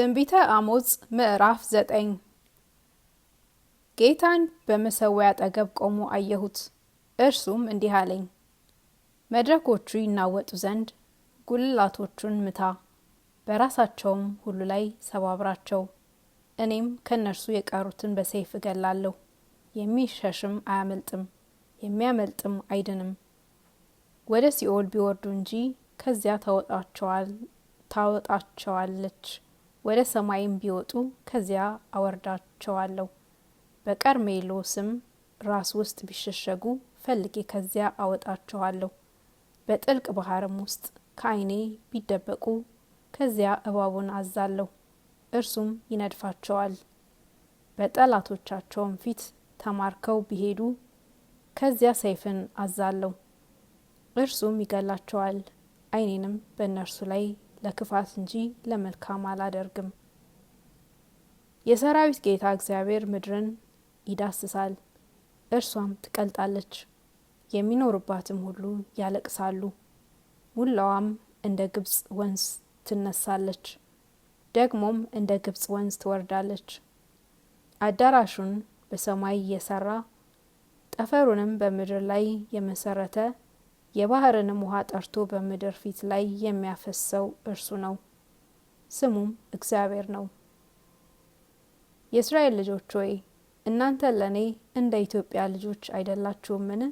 ትንቢተ አሞጽ ምዕራፍ ዘጠኝ ጌታን በመሠዊያ አጠገብ ቆሞ አየሁት። እርሱም እንዲህ አለኝ፣ መድረኮቹ ይናወጡ ዘንድ ጉልላቶቹን ምታ፣ በራሳቸውም ሁሉ ላይ ሰባብራቸው። እኔም ከእነርሱ የቀሩትን በሰይፍ እገላለሁ። የሚሸሽም አያመልጥም፣ የሚያመልጥም አይድንም። ወደ ሲኦል ቢወርዱ እንጂ ከዚያ ታወጣቸዋለች። ወደ ሰማይም ቢወጡ ከዚያ አወርዳቸዋለሁ። በቀርሜሎስም ራስ ውስጥ ቢሸሸጉ ፈልጌ ከዚያ አወጣቸዋለሁ። በጥልቅ ባህርም ውስጥ ከዓይኔ ቢደበቁ ከዚያ እባቡን አዛለሁ፣ እርሱም ይነድፋቸዋል። በጠላቶቻቸውም ፊት ተማርከው ቢሄዱ ከዚያ ሰይፍን አዛለሁ፣ እርሱም ይገላቸዋል። ዓይኔንም በእነርሱ ላይ ለክፋት እንጂ ለመልካም አላደርግም። የሰራዊት ጌታ እግዚአብሔር ምድርን ይዳስሳል፣ እርሷም ትቀልጣለች፣ የሚኖርባትም ሁሉ ያለቅሳሉ። ሙላዋም እንደ ግብጽ ወንዝ ትነሳለች፣ ደግሞም እንደ ግብጽ ወንዝ ትወርዳለች። አዳራሹን በሰማይ እየሰራ ጠፈሩንም በምድር ላይ የመሰረተ የባህርንም ውሃ ጠርቶ በምድር ፊት ላይ የሚያፈሰው እርሱ ነው፣ ስሙም እግዚአብሔር ነው። የእስራኤል ልጆች ሆይ እናንተ ለእኔ እንደ ኢትዮጵያ ልጆች አይደላችሁምን?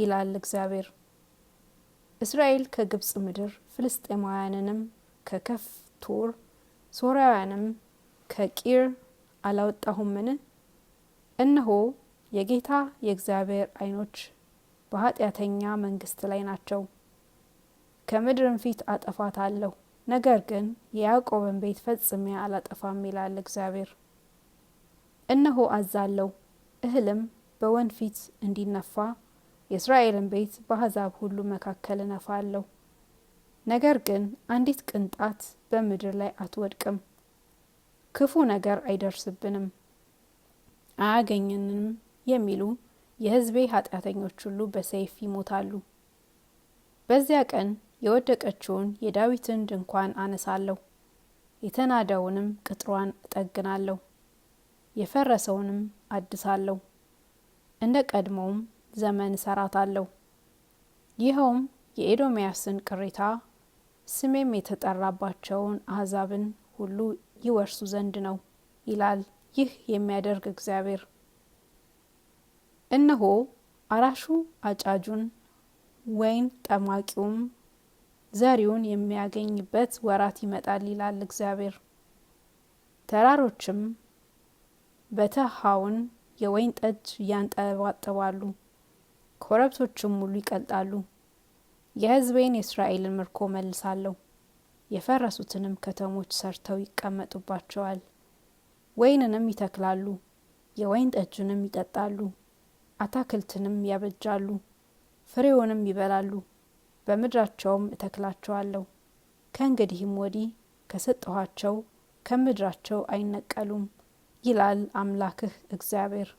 ይላል እግዚአብሔር። እስራኤል ከግብጽ ምድር ፍልስጤማውያንንም ከከፍቶር ሶርያውያንም ከቂር አላወጣሁምን? እነሆ የጌታ የእግዚአብሔር ዓይኖች በኃጢአተኛ መንግስት ላይ ናቸው። ከምድርም ፊት አጠፋት አለሁ ነገር ግን የያዕቆብን ቤት ፈጽሜ አላጠፋም ይላል እግዚአብሔር። እነሆ አዛለሁ፣ እህልም በወንፊት እንዲነፋ የእስራኤልን ቤት በአሕዛብ ሁሉ መካከል እነፋለሁ። ነገር ግን አንዲት ቅንጣት በምድር ላይ አትወድቅም። ክፉ ነገር አይደርስብንም፣ አያገኝንም የሚሉ የሕዝቤ ኃጢአተኞች ሁሉ በሰይፍ ይሞታሉ። በዚያ ቀን የወደቀችውን የዳዊትን ድንኳን አነሳለሁ፣ የተናደውንም ቅጥሯን እጠግናለሁ፣ የፈረሰውንም አድሳለሁ፣ እንደ ቀድሞውም ዘመን እሰራታለሁ። ይኸውም የኤዶምያስን ቅሬታ ስሜም የተጠራባቸውን አሕዛብን ሁሉ ይወርሱ ዘንድ ነው ይላል ይህ የሚያደርግ እግዚአብሔር። እነሆ አራሹ አጫጁን ወይን ጠማቂውም ዘሪውን የሚያገኝበት ወራት ይመጣል ይላል እግዚአብሔር። ተራሮችም በተሃውን የወይን ጠጅ ያንጠባጥባሉ፣ ኮረብቶችም ሙሉ ይቀልጣሉ። የሕዝቤን የእስራኤልን ምርኮ መልሳለሁ፣ የፈረሱትንም ከተሞች ሰርተው ይቀመጡባቸዋል። ወይንንም ይተክላሉ፣ የወይን ጠጅንም ይጠጣሉ። አታክልትንም ያበጃሉ፣ ፍሬውንም ይበላሉ። በምድራቸውም እተክላቸዋለሁ፣ ከእንግዲህም ወዲህ ከሰጠኋቸው ከምድራቸው አይነቀሉም ይላል አምላክህ እግዚአብሔር።